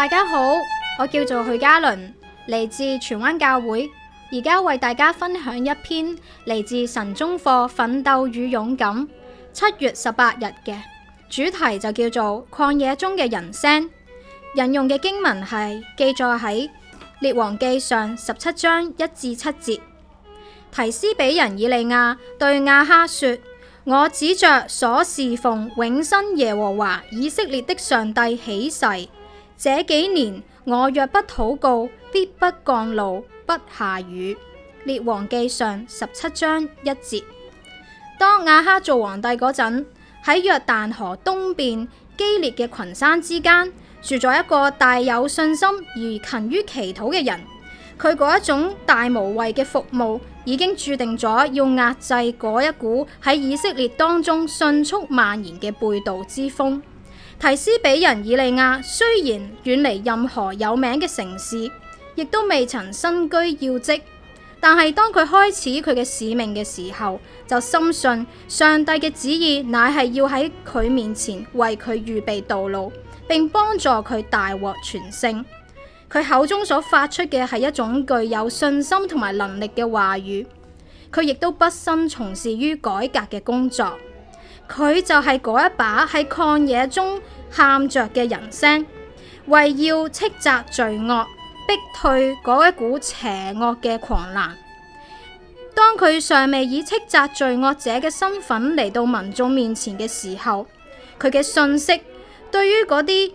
大家好，我叫做許嘉倫，嚟自荃灣教會，而家為大家分享一篇嚟自神中課《奮鬥與勇敢》，七月十八日嘅主題就叫做《曠野中嘅人聲》。引用嘅經文係記載喺列王記上十七章一至七節，提斯比人以利亞對亞哈說：我指着所侍奉永生耶和華以色列的上帝起誓。這幾年我若不禱告，必不降露，不下雨。列王記上十七章一節。當亞哈做皇帝嗰陣，喺約旦河東邊基列嘅群山之間，住咗一個大有信心而勤於祈禱嘅人。佢嗰一種大無畏嘅服務，已經注定咗要壓制嗰一股喺以色列當中迅速蔓延嘅背道之風。提斯比人以利亞雖然遠離任何有名嘅城市，亦都未曾身居要職，但係當佢開始佢嘅使命嘅時候，就深信上帝嘅旨意乃係要喺佢面前為佢預備道路，並幫助佢大獲全勝。佢口中所發出嘅係一種具有信心同埋能力嘅話語。佢亦都畢生從事於改革嘅工作。佢就係嗰一把喺曠野中喊着嘅人聲，為要斥責罪惡，逼退嗰一股邪惡嘅狂瀾。當佢尚未以斥責罪惡者嘅身份嚟到民眾面前嘅時候，佢嘅訊息對於嗰啲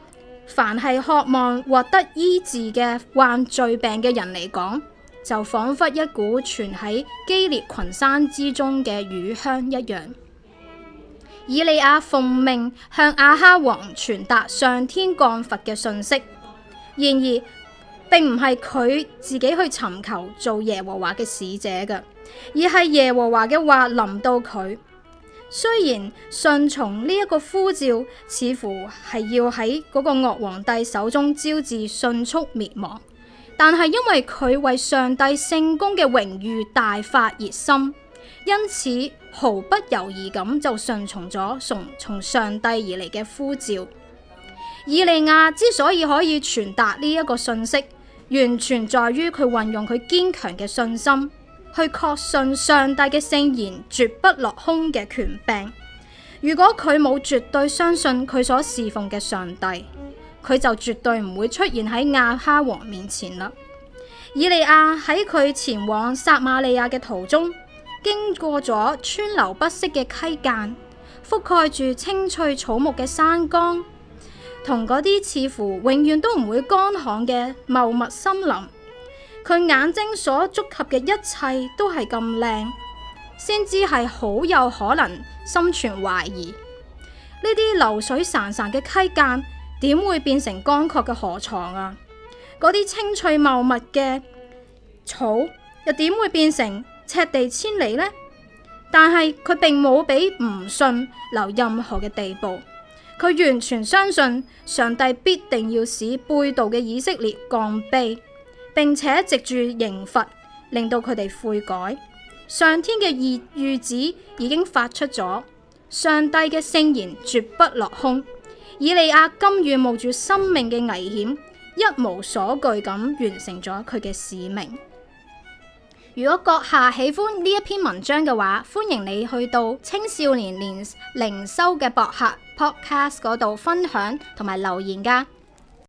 凡係渴望獲得醫治嘅患罪病嘅人嚟講，就仿佛一股存喺基列群山之中嘅乳香一樣。以利亞奉命向亞哈王傳達上天降罰嘅訊息，然而並唔係佢自己去尋求做耶和華嘅使者嘅，而係耶和華嘅話臨到佢。雖然順從呢一個呼召，似乎係要喺嗰個惡皇帝手中招致迅速滅亡，但係因為佢為上帝聖工嘅榮譽大發熱心。因此毫不猶豫咁就順從咗從從上帝而嚟嘅呼召。以利亞之所以可以傳達呢一個信息，完全在於佢運用佢堅強嘅信心，去確信上帝嘅聖言絕不落空嘅權柄。如果佢冇絕對相信佢所侍奉嘅上帝，佢就絕對唔會出現喺亞哈王面前啦。以利亞喺佢前往撒瑪利亞嘅途中。經過咗川流不息嘅溪澗，覆蓋住青翠草木嘅山崗，同嗰啲似乎永遠都唔會乾旱嘅茂密森林，佢眼睛所觸及嘅一切都係咁靚，先知係好有可能心存懷疑。呢啲流水潺潺嘅溪澗點會變成乾涸嘅河床啊？嗰啲青翠茂密嘅草又點會變成？赤地千里呢，但係佢並冇俾唔信留任何嘅地步，佢完全相信上帝必定要使背道嘅以色列降卑，並且藉住刑罰令到佢哋悔改。上天嘅意預旨已經發出咗，上帝嘅聖言絕不落空。以利亞甘願冒住生命嘅危險，一無所懼咁完成咗佢嘅使命。如果閣下喜歡呢一篇文章嘅話，歡迎你去到青少年年靈修嘅博客 Podcast 嗰度分享同埋留言㗎。